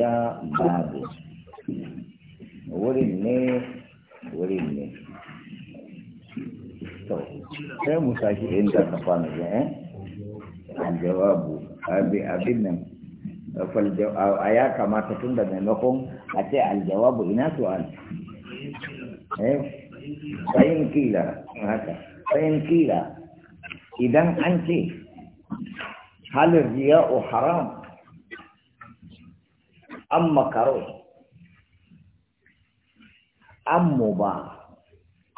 ya babu wurin ne wurin ne sai mu sake inda ka fana ya jawabu abin nan a ya kamata tun da maimakon a ce aljawabu ina su'al sayin eh? kila haka sayin kila idan an ce halin riya'u haram an makaro an mu ba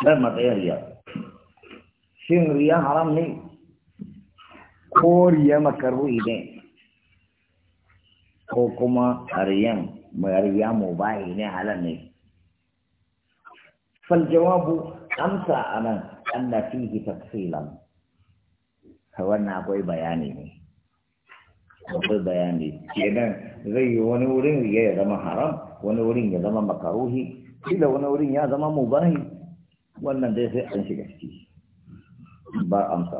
ɗan matsayin riya shin riya haram ne ko riya makaro ne ko kuma riyan riya mu ba ne halal ne فالجواب أمسى أنا أن فيه تفصيلا فوانا أقوي akwai bayani kenan zai yi wani wurin riya ya zama haram wani wurin ya zama makaruhi kila wani wurin ya zama mubahi wannan dai sai an shiga ciki ba amsa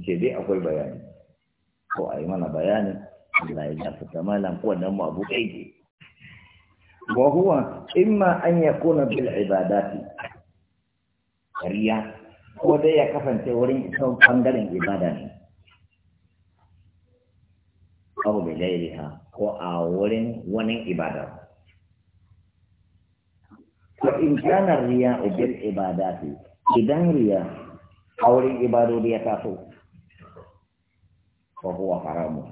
ce dai akwai bayani ko a yi mana bayani Allah ya ta malam ko wannan mu abu kai wa huwa imma an yakuna bil ibadati riya ko dai ya kasance wurin kan bangaren ibada ne aw bi ghairiha ko a wurin wani ibada fa in kana riya'u bil ibadati idan riya a wurin ibadodi ya taso fa huwa haramu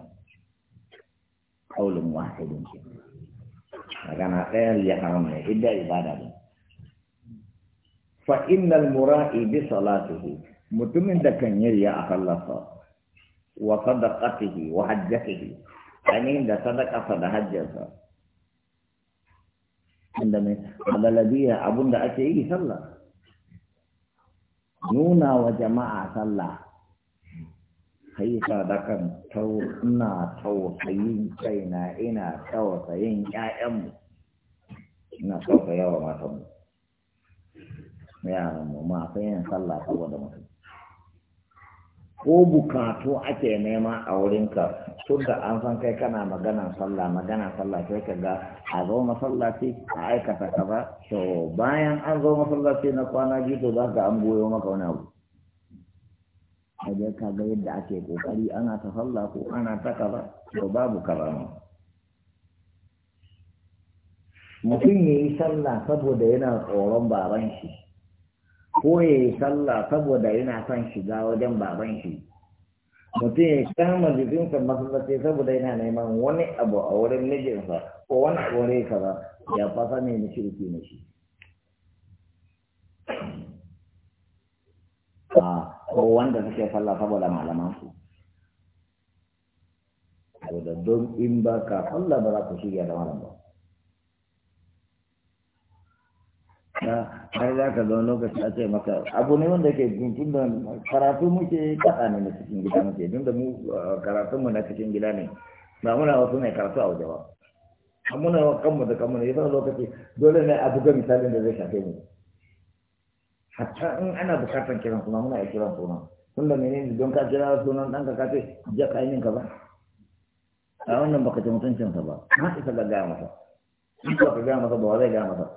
qawlun wahidun magana ɗaya riya haram ne idda ibada ne fa innal mura'i bi salatihi mutumin da kan yi riya a sallarsa وصدقته وحجته يعني ده صدقة صدق حجته عندما على لدي أبن ده أكيه صلى نونا وجماعة صلى kai sadakan tau ina tausayin kaina ina tausayin ƴaƴanmu ina tausaya wa matanmu yaranmu masu yin sallah saboda mutum ko bukatu ake nema a wurinka tun da an san kai kana magana sallah magana sallah sai ka ga a zo masallaci a aikata kaza to bayan an zo masallaci na kwana biyu to za ka an goyo maka wani abu a je ka ga yadda ake kokari ana ta sallah ko ana ta kaza to babu kaza ma mutum ya yi sallah saboda yana tsoron baban shi ko ya yi sallah saboda yana son shiga wajen baban shi mutum ya kama jikinsa masallaci saboda yana neman wani abu a wurin mijinsa ko wani abu ne kaza ya fasa ne na shirki na shi a ko wanda suke sallah saboda malaman su saboda don in ba ka sallah ba za ku shirya da malam ba sha har za ka zaune lokaci a ce maka abu ne wanda ke tun da karatu muke kasa ne na cikin gida muke tun da mu uh, karatu mu na cikin gida ne ba muna wasu ne karatu a waje ba muna wa kanmu da kanmu ne yasa lokaci dole ne a buga misalin da zai shafe mu hatta in ana bukatar kiran suna muna iya kiran suna tun da menene don ka kira sunan ɗanka ka kace ja ka yi ka ba a wannan baka ta mutuncinsa ba na isa ga gaya masa in ka gaya masa ba wa zai gaya masa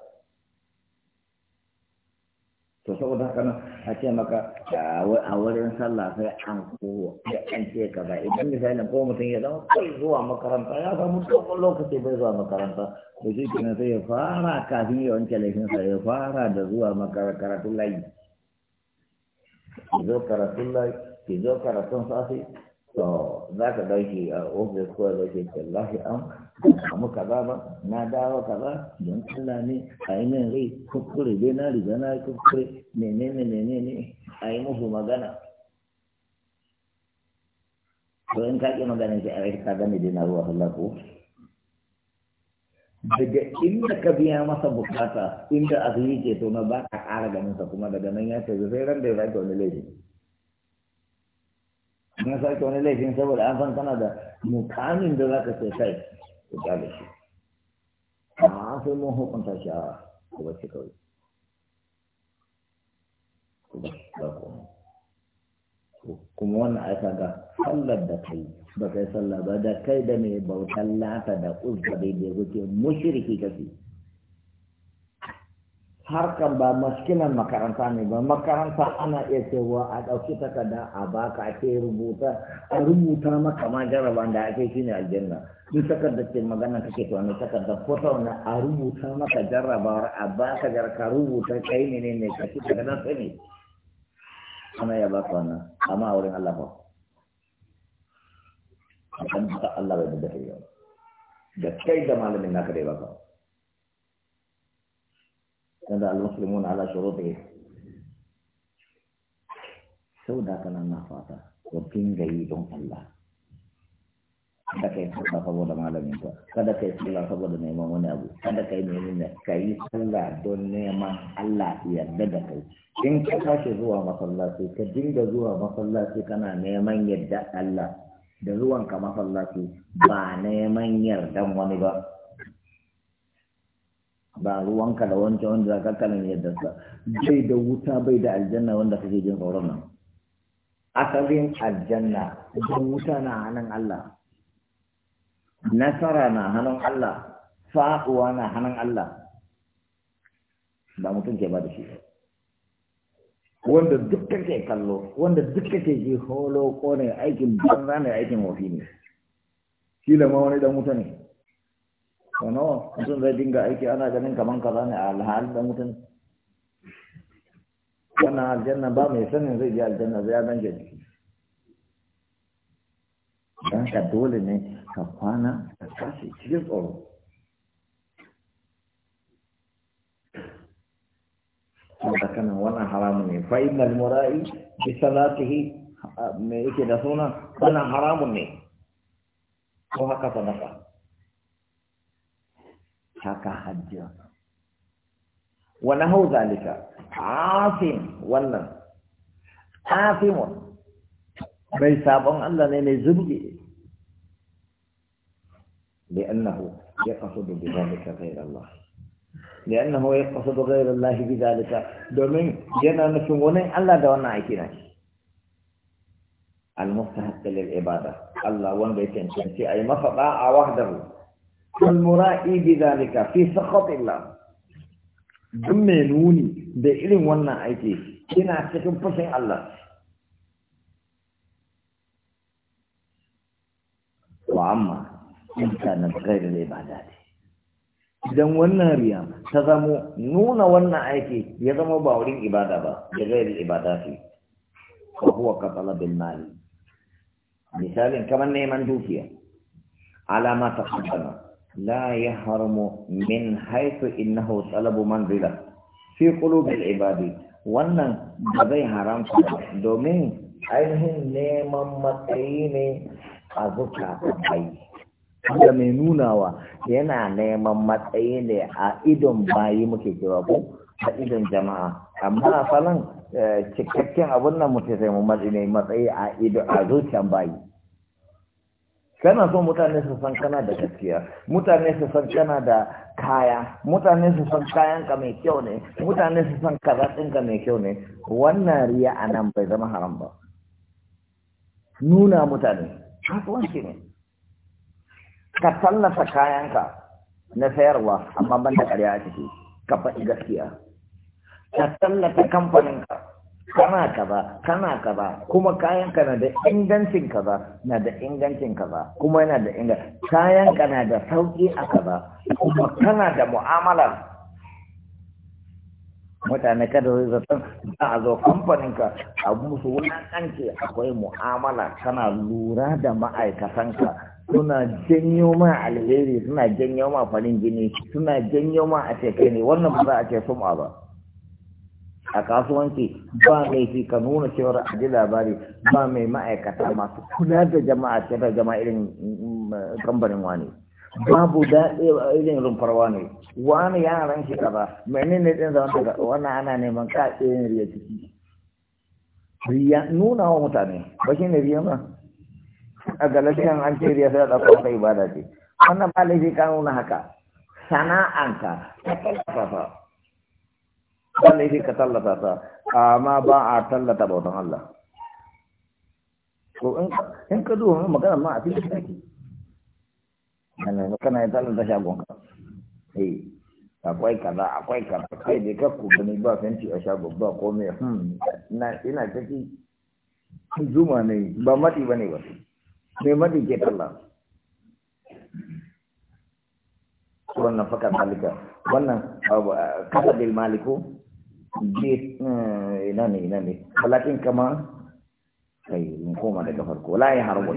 to saboda haka nan a ce maka a wurin sallah sai an kowa ya an ce ka ba idan misalin ko mutum ya zama kai zuwa makaranta ya samu dogon lokaci bai zuwa makaranta to shi kenan sai ya fara kafin ya wanke sa ya fara da zuwa makaratun layi ki zo karatun layi ki zo karatun safe to za ka ɗauki a ofis ko da ke tallafi an samu kaza ba na dawo kaza don Allah ne a yi min rai kuskure dai na riga na ne ne ne a yi musu magana to in ka ƙi magana shi a yi ka gane dai na ruwa Allah ko daga inda ka biya masa bukata inda a yi ke to na ba ka ƙara ganin sa kuma daga nan ya ce zai ran da ya zaki wani laifi na sake wani laifin saboda an san kana da mukamin da za ka sai kai ku gane shi amma an sai mun hukunta shi a ku kawai kuma wannan aika ga sallar da kai ba kai sallar ba da kai da mai bautan lata da da daidai kuke mushirki kake harkan ba maskinan makaranta ne ba makaranta ana iya cewa a ɗauki takarda a baka ake rubuta a rubuta maka ma jaraban da ake shi ne aljanna duk takardar ce magana kake to wani takardar ko ta wani a rubuta maka jarrabawar a baka jarka rubuta kai ne ne ka ci daga nan sai ne ana ya baka wannan amma a wurin Allah ba a kan Allah bai da da kai da malamin naka da ya baka kada al-muslimun ala shurutihim sau da kana na fata ko dinga yi don Allah kada kai sallah saboda malamin ka kada kai sallah saboda neman wani abu kada kai nemi ka yi sallah don neman Allah ya yarda da kai in ka tashi zuwa masallaci ka dinga zuwa masallaci kana neman yadda Allah da zuwanka masallaci ba neman yardan wani ba ba ruwanka da wancan wanda za ka kalan yadda sa bai da wuta bai da aljanna wanda kake jin tsoron nan asalin aljanna don wuta na hannun Allah nasara na hannun Allah Fa'uwa na hannun Allah ba mutum ke ba da shi wanda duk kake kallo wanda duk kake ji holo ko ne aikin banza ne aikin wafi ne shi da ma wani dan wuta ne nawa mutum zai dinga aiki ana ganin kaman kaza ne a alhali da mutum wannan aljanna ba mai sanin zai je aljanna zai yadan jiki don ka dole ne ka kwana ka kashe cikin tsoro da kanan wannan haramun ne fa mura'i bi salatihi me yake da suna wannan haramun ne ko haka nafa. haka hajjiya wani hau zalika afin wannan afinwa mai sabon Allah ne mai zurgi da annahu ya kasu da zalika kayar Allah da annahu ya kasu da kayar Allah bi zalika domin yana nufin wani Allah da wannan aiki na al-mustahaqqil ibada Allah wanda ya yake cancanci ai mafada a wahdahu المرائي بذلك في سخط الله جمعنوني بإلم ونا أيتي إنا سكن بسي الله وعما إن كانت غير العبادات إذا ونا ريام تظمو نون ونا أيتي يظمو باولين عبادة با غير العبادات وهو كطلب المال مثال كما نيمان دوكيا نعم على ما تقدمه لا يحرم من حيث إنه طلب منزلة في قلوب العباد wannan ba zai haramta ba, domin ainihin neman matsayi ne a zukatan bayi Wanda mai nunawa yana neman matsayi ne a idon bayi muke cewa ko a idon jama'a amma a falan eh, cikakken abin nan mutum sai mu matsayi a idon a zuciyan bayi kana so mutane su san kana da gaskiya mutane su san kana da kaya mutane su san kayanka mai kyau ne mutane su san kaza mai kyau ne wannan riya a nan bai zama haram ba nuna mutane kasuwanci ne ka tallata kayanka na sayarwa amma ban da ƙarya a ciki ka faɗi gaskiya ka tallata kamfaninka kana kaza kana kaza kuma kayan ka na da ingancin kaza na da ingancin kaza kuma yana da inga kayan ka na da sauki a kaza kuma kana da mu'amala mutane kada zai zaton za a zo kamfanin ka a musu wulakanci akwai mu'amala kana lura da ma'aikatanka suna janyo ma alheri suna janyo ma farin jini suna janyo ma a ce kai ne wannan ba za a ce sum'a ba a kasuwanci ba laifi ka nuna cewar a ji labari ba mai ma'aikata masu kula da jama'a ce da jama'a irin mm, kambarin wani babu daɗe irin rumfar wani wani ran shi mai ne ɗin zama daga wannan ana neman ka irin riya ciki riya nuna wa mutane ba shi ne riya ba a galatiyan an ce riya sai da ɗaukar wata ibada ce wannan ba laifi ka nuna haka sana'anka ta ƙarfafa ba laifi ka tallata ta amma ba a tallata bautan Allah Ko in ka duba magana ma a cikin take kana ya tallata shagonka eh akwai kaza akwai kaza kai dai ka ku gani ba fenti a shago ba komai hmm ina ina ciki zuma ne ba mati bane ba me mati ke talla wannan faka malika wannan eh, kasa bil maliku ولكن كما اي لا يحرم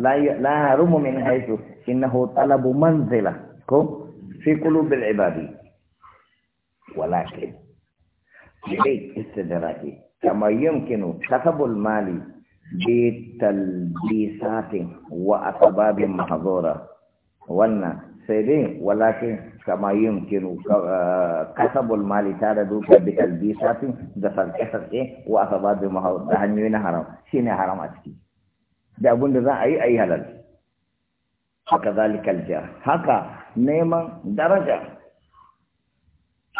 لا لا من حيث انه طلب منزله كو في قلوب العباد ولكن في استدراكي كما يمكن كسب المال بتلبيسات واسباب محظوره ولكن kama yumkinu kasabul mali tare duka bi talbisatin da sarke-sarke wa asabadu da hanyoyi na haram shine haram a ciki da abin da za a yi a yi halal haka zalikal ja haka neman daraja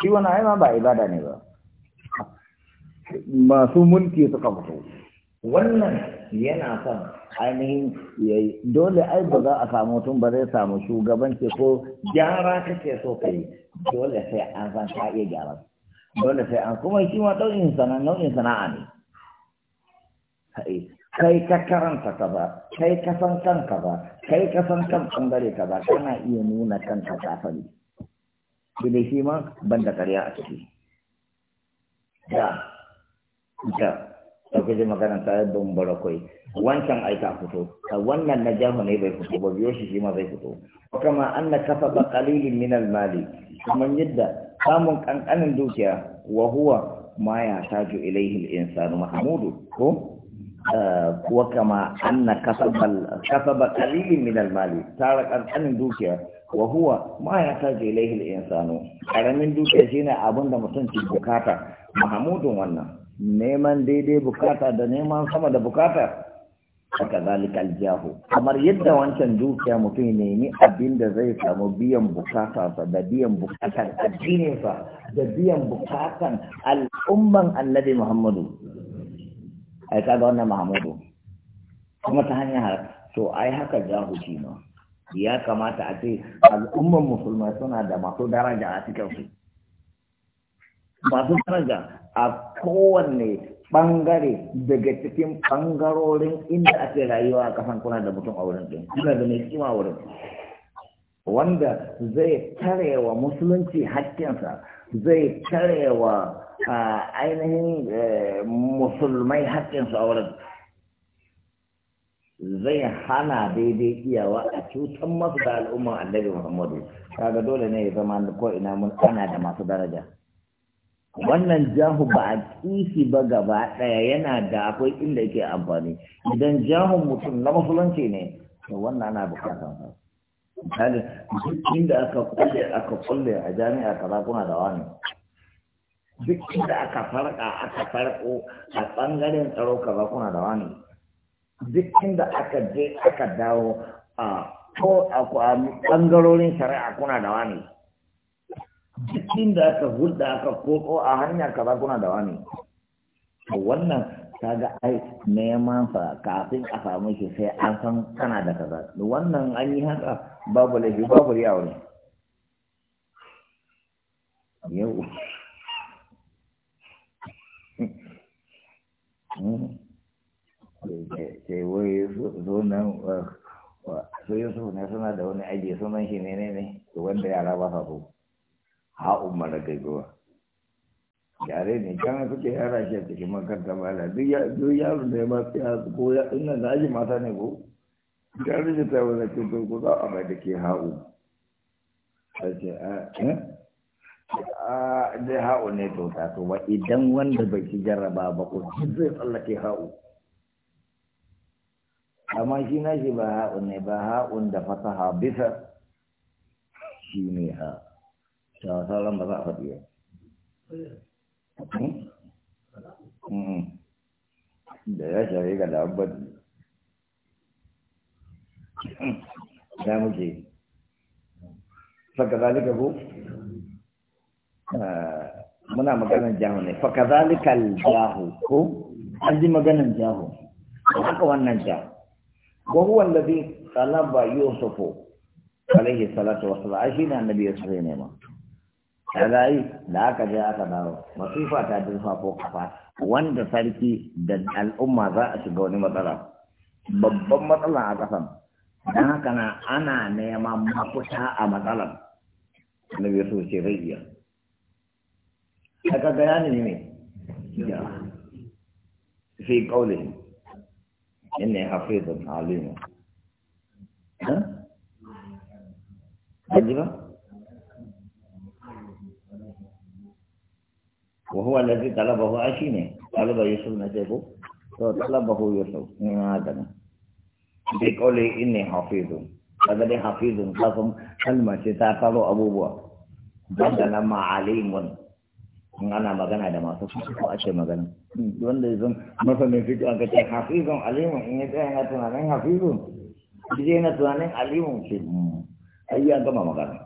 shi wani aima ba ibada ne ba masu mulki suka fito wannan yana son ainihin dole ai ba za a samu mutum ba zai samu shugabanci ko gyara kake so ka yi dole sai an san ka iya gyara dole sai an kuma shi ma sana'a nau'in sana'a ne kai ka karanta ka ba kai ka san kanka ba kai ka san kan bangare ka ba kana iya nuna kanka fari shi shi ma ban da karya a ciki da da ɗauke ji magana ta don bara kwai wancan aika fito wannan na jahu ne bai fito ba biyo shi shi ma zai fito kama an na kafa ba kalilin minal mali kamar yadda samun ƙanƙanin dukiya wa huwa ma ya taju ilaihi insanu mahmudu ko eh, kuwa kama an na kafa ba kalilin minal mali tara ƙanƙanin dukiya wa huwa ma ya taju ilaihi insanu Ƙaramin dukiya shine abin da mutum ke bukata mahmudun wannan neman daidai bukata da neman sama da bukata haka zalikal aljahu kamar yadda wancan dukiya mutum nemi abin da zai samu biyan bukatarsa da biyan bukatan addininsa da biyan bukatan al'umman annabi muhammadu ai kaga wannan muhammadu kuma ta hanyar to ai haka jahu shi ma ya kamata a ce al'umman musulmai suna da masu daraja a cikin su masu daraja a kowanne bangare daga cikin bangarorin inda ake rayuwa a kasan kuna da mutum a wurin ɗin kuna da mai kima wurin wanda zai tarewa musulunci hakkinsa zai tarewa ainihin eh, musulmai haƙƙinsa a wurin zai hana daidai iyawa a cutar masu da al'umman allabi muhammadu kaga dole ne ya zama ko ina mun ana da masu daraja wannan jahu ba a kifi ba gaba ɗaya yana da akwai inda yake amfani idan jahun mutum na musulunci ne to wannan ana bukatan sa misali duk inda aka kulle aka kulle a jami'a kaza kuna da wani duk inda aka farka aka farko a bangaren tsaro kaza kuna da wani duk inda aka je aka dawo a ko a bangarorin shari'a kuna da wani duk inda aka hulɗa aka koko a hanya ka za kuna da wani to wannan kaga ai neman sa kafin a samu shi sai an san kana da kaza da wannan an yi haka babu laifi babu riya wani yau sai wai sunan su eh, ne suna da wani aji sunan shi ne ne wanda yara ba sa so ha'un mara gaibuwa yare ne kana kuke yara shi a cikin makarta mala duk yaro da ya ba su ya ko ya ina da aji mata ne ko yare da ta wani cikin ko za a mai da ke ha'u ta ce a eh? da ha'u ne to ta to ba idan wanda bai ci jarraba ba ko zai tsallake ha'u amma shi na shi ba ha'u ne ba ha'un da fasaha bisa shi ne ha'u ta a faɗi da ya shafi ga labbar da muke faka zalika ko muna maganar jahu ne faka zalika jahu ko an ji jahu haka wannan jahu وهو الذي طلب يوسف عليه الصلاة والسلام عشان النبي يوسف نعمه kaga yi da aka je aka dawo masifa ta dirfa ko kafa wanda sarki da al'umma za a shiga wani matsala babban matsala a ƙasan don haka na ana neman mafuta a matsalar na biyu so ce zai iya aka gaya ne ne fi ƙaule In ne hafi zan alimu ha? ba? wa huwa allazi talabahu ashine talaba yusuf na ce ko to talabahu yusuf ne ma da nan bi qawli inni hafizun kaga dai hafizun kafin kalma ce ta faro abubuwa dan da nan ma'alimun in ana magana da masu ko a ce magana wanda yanzu masanin fiƙi aka ce hafizun alimun in ya tsaya na tunanin hafizun shi na tunanin alimun ce ai ya gama magana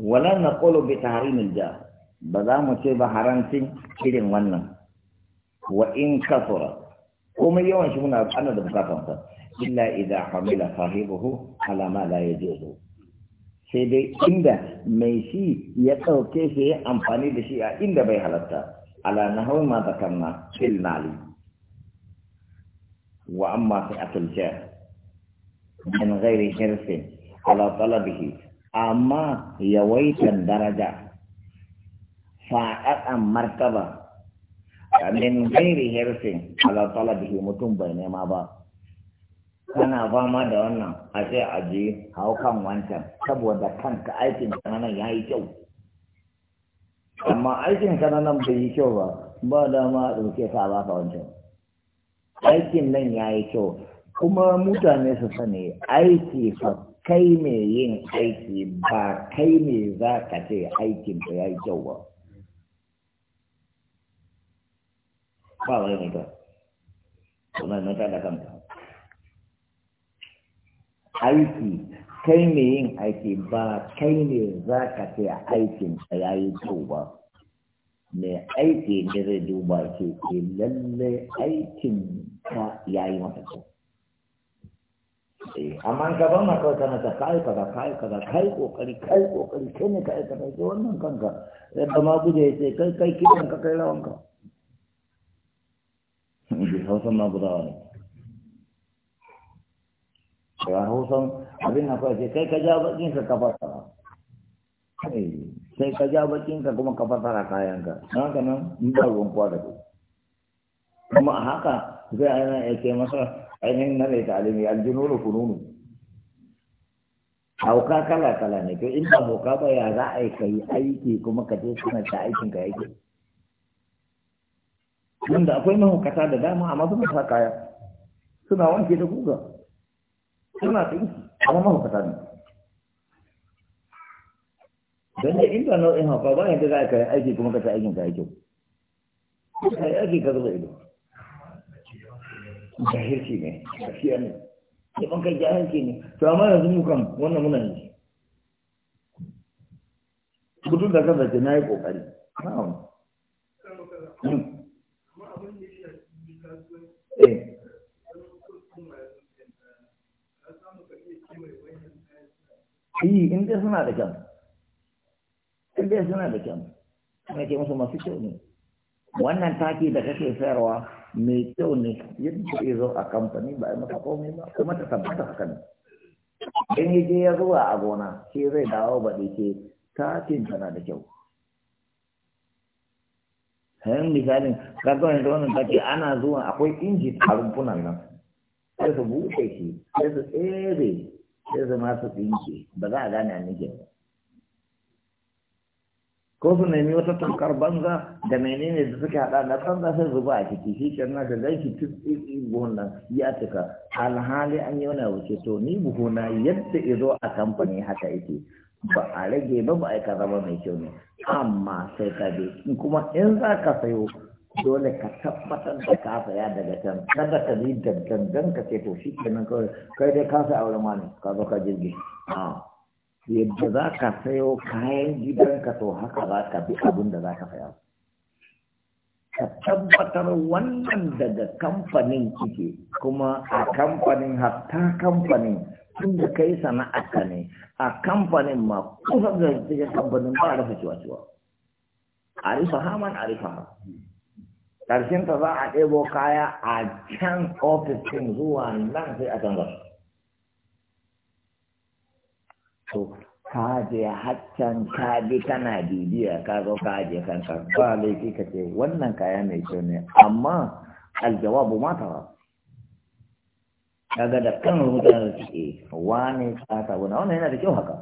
wala na ƙolo bi taharimin ja ba za mu ce ba haramcin irin wannan wa in kasura komai yawan shi muna ana da bukatansa. sa illa idza hamila sahibuhu ala ma la yajuzu sai dai inda mai shi ya ɗauke shi ya amfani da shi a inda bai halatta ala hau ma zakarna fil mali wa amma fi akil min ghairi hirsin ala talabihi amma yawaitan daraja faɗaɗan martaba kamin gairi hirsin ala talabihi mutum bai nema ba kana fama da wannan a ce a je hau kan wancan saboda kanka aikin kananan ya yi kyau amma aikin kananan bai yi kyau ba ba dama a ɗauke ka ba ka wancan aikin nan ya yi kyau kuma mutane su sani aiki fa kai mai yin aiki ba kai me za ka ce aikin da ya yi kyau ba ba wani mai ba kuma na ta da kanta aiki kai ne yin aiki ba kai ne za ka ce aikin a ya yi kyau ba mai aiki ne zai duba ke ke eh, lalle aikin ka ya yi mata kyau eh, amma ka ba ma kawai kana ta kai ga kai ga kai kokari kai kokari kai ne ka aikata ke wannan kanka yadda ma guje ce kai kai kidan ka kai ka hausan ma gudawa ne ya hausan abin na ce kai ka ja bakin ka ka fasara sai ka ja bakin ka kuma ka fasara kayan ka na haka nan in ba ruwan kuwa da kuma a haka zai ainihin ya ce masa ainihin na mai talimi da kununu hauka kala kala ne to in ba hauka ba ya za a yi ka yi aiki kuma ka je suna ta aikin ka yake wanda akwai mahaukata da dama amma suna sa kaya suna wanke da guga suna tsinki amma mahaukata ne don da inda nau'in hauka ba yadda za a aiki kuma kasa aikin ka kyau ka yi aiki ka zuba ido jahilci ne tafiya ne ya ban kai jahilci ne to amma yanzu mu kan wannan muna ne mutum da kansa na yi kokari na'am eh yi in suna da kyan in suna da kyan ana musu masu kyau ne wannan taki da kake sayarwa mai kyau ne yadda ya zo a kamfani ba a masa komai ba kuma ta tabbata haka ne in yi je ya zuwa a gona shi zai dawo baɗi ce takin tana da kyau sayan misalin kaga wani wannan ana zuwa akwai inji a rumfunan nan sai su bude shi sai su tsere sai su masu tsinke ba za a gane a nike ba ko su nemi wata tankar banza da menene da suke haɗa da banza sai zuba a ciki shi ke na da zai tsitsi buhun nan ya cika alhali an yi wani wuce to ni buhuna yadda izo a kamfani haka yake ba a rage ba ba a yi mai kyau ne amma sai ka kuma in za ka sayo dole ka tabbatar da ka saya daga can kada ka yi dangan ka ce to shi kenan kawai kai dai ka sa auren wani ka zo ka jirgi yadda za ka sayo kayan gidan ka to haka za ka bi abin da za ka saya ka tabbatar wannan daga kamfanin kike kuma a kamfanin hatta kamfanin ka yi kai ka ne a kamfanin ma kusa da cikin kamfanin ba da rasa ciwa-ciwa a haman a ƙarshen ta za a ɗebo kaya a can ofis ɗin zuwa nan sai a canza to ka je haccan ka bi kana bibiya ka zo ka je kanka ba laifi ka ce wannan kaya mai kyau ne amma aljawabu ma ba. kaga da kan mutane da suke wani tsata wani wannan yana da kyau haka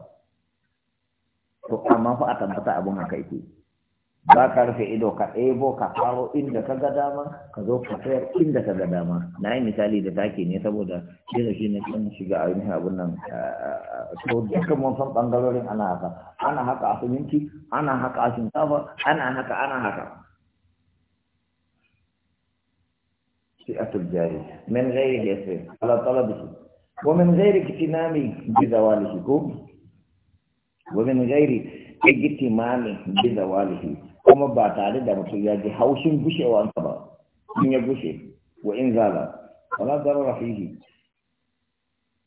to amma fa a tabbata abun haka yake ba ka rufe ido ka ɗebo ka faro inda ka ga dama ka zo ka tsayar inda ka ga dama na yi misali da take ne saboda da shi ne kan shiga a yin abun nan to dukkan mun san bangarorin ana haka ana haka a suminti ana haka a shinkafa ana haka ana haka فئة الجاري من غير يسر على طلبه ومن غير اغتنام بزواله ومن غير اغتنام بزواله kuma ba tare da mutum ya ji haushin gushewansa ba in ya gushe wa in zala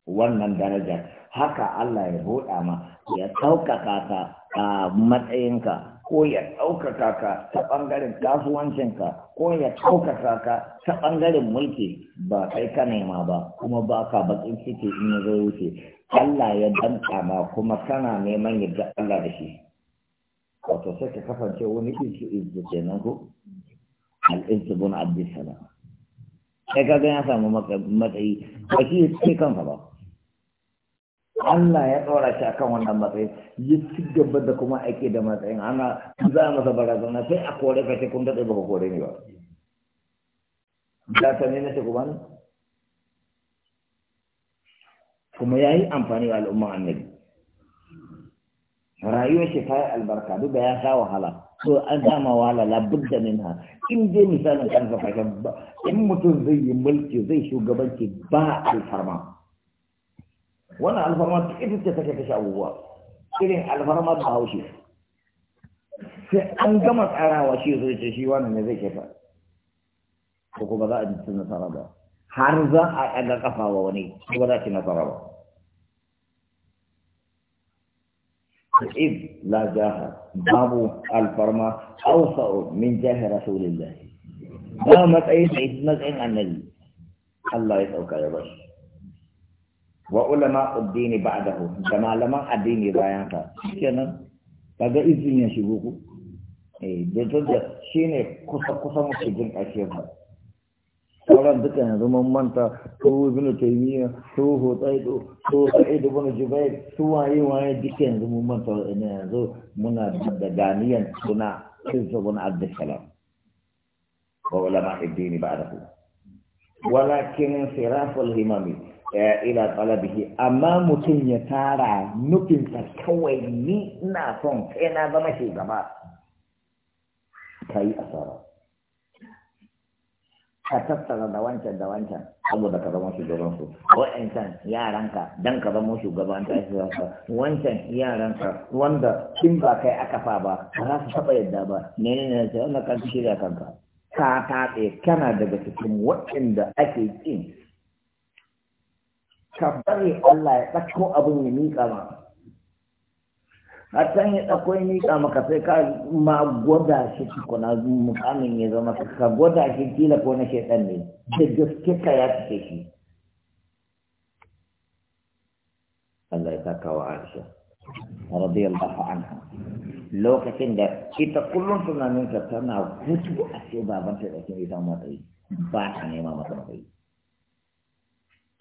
wannan daraja haka Allah ya buɗa ma ya sauƙaƙa ka a matsayinka ko ya ɗaukaka ka ta ɓangaren kasuwancinka ko ya ɗaukaka ka ta ɓangaren mulki ba kai ka nema ba kuma ba ka bakin ciki in ya zo wuce Allah ya danta ma kuma kana neman yadda Allah da shi wato sai ka kasance wani kinci izu kenan ko al-izzu bin sai ka ga ya samu matsayi ba shi kanka ba Allah ya ɗora shi akan wannan matsayin ya ci gaba da kuma aiki da matsayin ana za a masa barazana sai a kore ka ce kun daɗe ba ku kore ni ba da ta shi kuma ya yi amfani da al'umman annabi rayuwar shi ta yi albarka duk da ya sha wahala so an dama wahala labud da nina. in je misalin kansa fashe in mutum zai yi mulki zai shugabanci ba alfarma wannan alfarma duk ita ce take kashe abubuwa irin alfarma da haushe sai an gama tsarawa shi zai ce shi wannan ne zai kefa ko kuma za a ji cin nasara ba har za a ɗaga kafa wa wani ko ba za ci nasara ba إذ لا جاه باب الفرما أوسع من جاه رسول الله لا متعين إذ مزعين عن النبي الله يسعوك يا بشر wa ulama addini ba'dahu da malaman addini bayan ka kenan daga izinin ya shigo ku eh da da shine kusa kusa mu cikin ƙarshe ba sauran duka yanzu mun manta su ibnu taymiya su hutaido su sa'id ibn jubair su waye waye duka yanzu mun manta ne yanzu muna da ganiyan suna kinsa ibn abdussalam wa ulama addini ba'dahu walakin siraful himami ila talabihi amma mutum ya tara nufinsa kawai ni ina son kai na zama gaba ka yi asara ka tattara da wancan da wancan saboda ka zama su. wa'ancan yaranka don ka zama shugaban ta shi zaka wancan yaranka wanda in ba kai aka fa ba ba za su taɓa yadda ba ne ne ne ce wanda kan shirya kanka ka tatse kana daga cikin waɗanda ake kin ka bari Allah ya ɗauko abin ya miƙa ma a can ya ɗauko ya miƙa maka sai ka ma gwada shi tukuna mukamin ya zama ka gwada shi kila ko na shaiɗan ne da gaske ka ya fice shi Allah ya saka wa Aisha radiyallahu anha lokacin da ita kullum tunaninta tana hutu a ce babanta da kin yi samu matsayi ba ta nema masa matsayi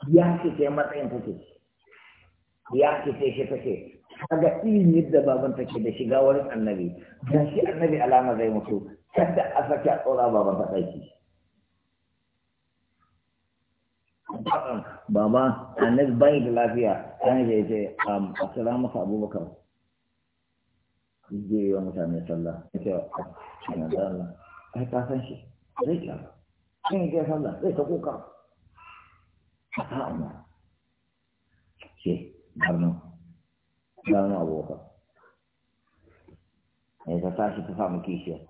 ya ce ke matsayin take ya ce ke shi take kaga irin yadda baban take da shiga wurin annabi da shi annabi alama zai mutu kada a saki a tsora baban ta kai baba annabi bai da lafiya an je ce a kira masa abubakar je yawan mutane sallah ya a cikin Allah ai ka san shi zai ka ne ya sallah zai ta kuka ha'ama ce barno barno abokan mai ta tashi ta samu kishiyar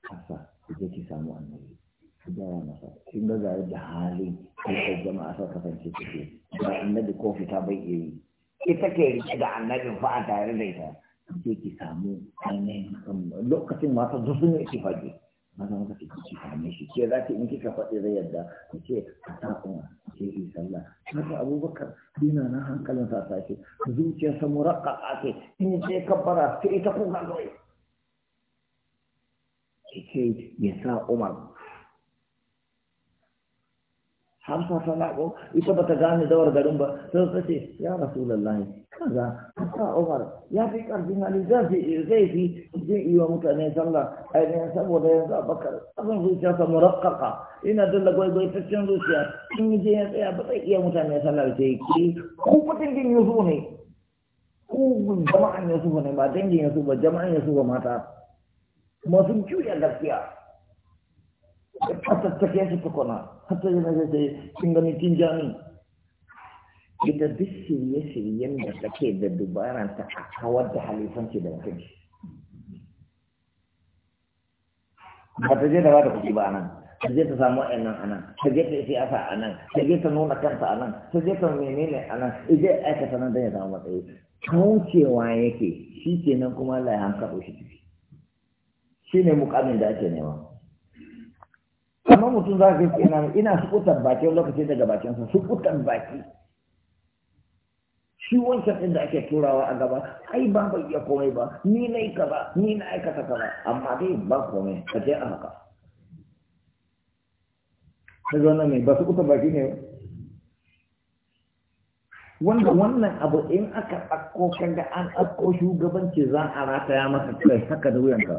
kasa ita ki samu annabi gaya masa kin ga gare da hali, kai jama'a sa kasance take ba annabi ko fita bai iya yi ita ke rike da annabin fa a tare da ita je ki samu ainihin um, lokacin ne wata ke ki ci kame shi ke za ki in kika faɗi zai yadda Ka ce a ta'uwa ke yi sallah haka abubakar dina na hankalin sa sake zuciyarsa a ake in ce kabbara ta ita kuka kawai ki ce ya sa umar hamsa ta ko ita ba ta gane dawar garin ba sai ta ce ya rasulullahi kaza ka umar ya fi karfin hali zai fi zai yi wa mutane sallah ainihin saboda yanzu abakar ƙasan zuciya sa murakkaka ina dalla cin zuciya in yi je ya tsaya ba zai iya mutane sallah sai ki ku kudin din yusu ne ku jama'an su ne ba dangin su ba jama'an su ba mata masu juya gaskiya fatattake shi tukuna hatta yana zai sai kin gani kin jami ita duk shirye-shiryen da take da dubaran ta a kawar da halifanci da mutum ba ta je da ba ta kuɗi ba nan ta je ta samu a nan a nan ta je ta siyasa a nan ta je ta nuna kanta a nan ta je ta menene a nan ije aikata nan don ya samu matsayi kaucewa yake shi kenan kuma Allah ya hankaɗo shi shi ne mukamin da ake nema amma mutum za ka ina ina sukutan baki wani lokaci daga bakinsa sukutan baki shi wancan inda ake turawa a gaba ai ba bai iya komai ba ni na yi kaza ni na aikata kaza amma dai ba komai ka je a haka ta na mai ba su baki ne wanda wannan abu in aka ɗauko kaga an ɗauko shugabanci za a rataya masa kai haka da wuyanka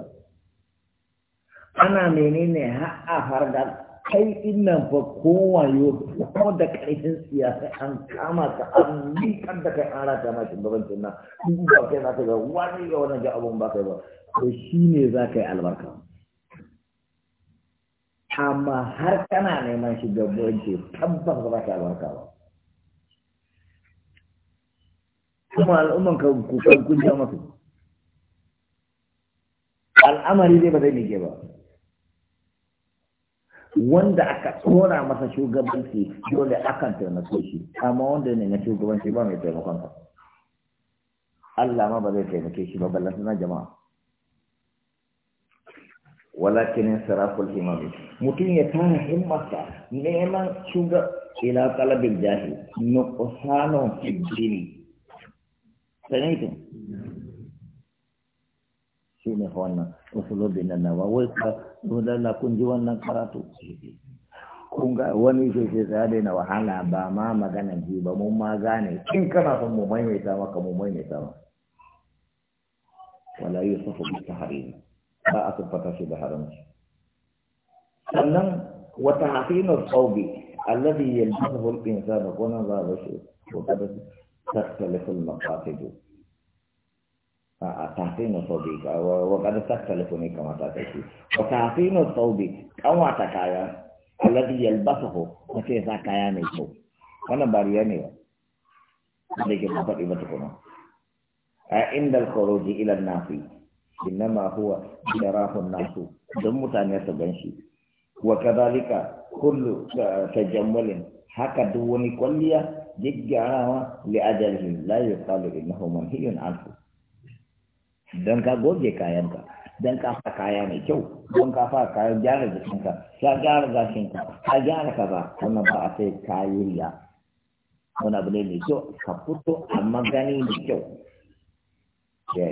ana menene ha'a fargar kai innan fa kowayo ko da karfin siyasa an kama ka an kan da kai an ta mashi shugabancin na duk ba kai zaka ga wani ga wannan ga abun ba kai ba to shi ne za ka yi albarka amma har kana neman shugabanci tabbas ba ka albarka ba kuma al'umman ka kun kunja masu al'amari zai ba zai mike ba wanda aka tsora masa shugabanci dole akan taimake shi amma wanda ne na shugabanci ba mai taimakon ka Allah ma ba zai taimake shi ba ballan suna jama'a walakin saraful himami mutum ya tana himmata neman shuga ila talabil jahil nuqsanu fi dini sanaita shi ne wannan usulubin nan nawa wai ka dole kun ji wannan karatu kun ga wani ke ce ya daina wahala ba ma magana ji ba mun ma gane in kana son mu maimaita maka mu maimaita maka wala yusufu bi tahrimi ba a fata shi da haram sannan wata hafinul qawbi alladhi yalbahu al-insanu kunan za ba shi to kada tattalifu al-maqasid tafi no tobi wa wa kada sa telefoni kama ta tafi wa tafi no tobi kan kaya alladhi yalbasuhu wa sai sa kaya mai ko wannan bariya ne wa dai ke babu ibad ko a inda al khuruji ila an nafi inma huwa yarahu an nasu dan mutane su ganshi wa kadhalika kullu tajammulin haka duk wani kwalliya jiggarawa li ajalihi la yuqalu innahu manhiyun anhu don ka goge kayanka don ka fa kaya mai kyau don ka fa kayan gyara jikinka ka gyara gashinka ka gyara ka ba wannan ba a sai kayi riya wani abu ne mai kyau ka fito a magani mai kyau ya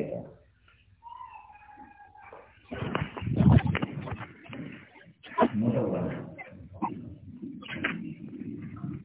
yi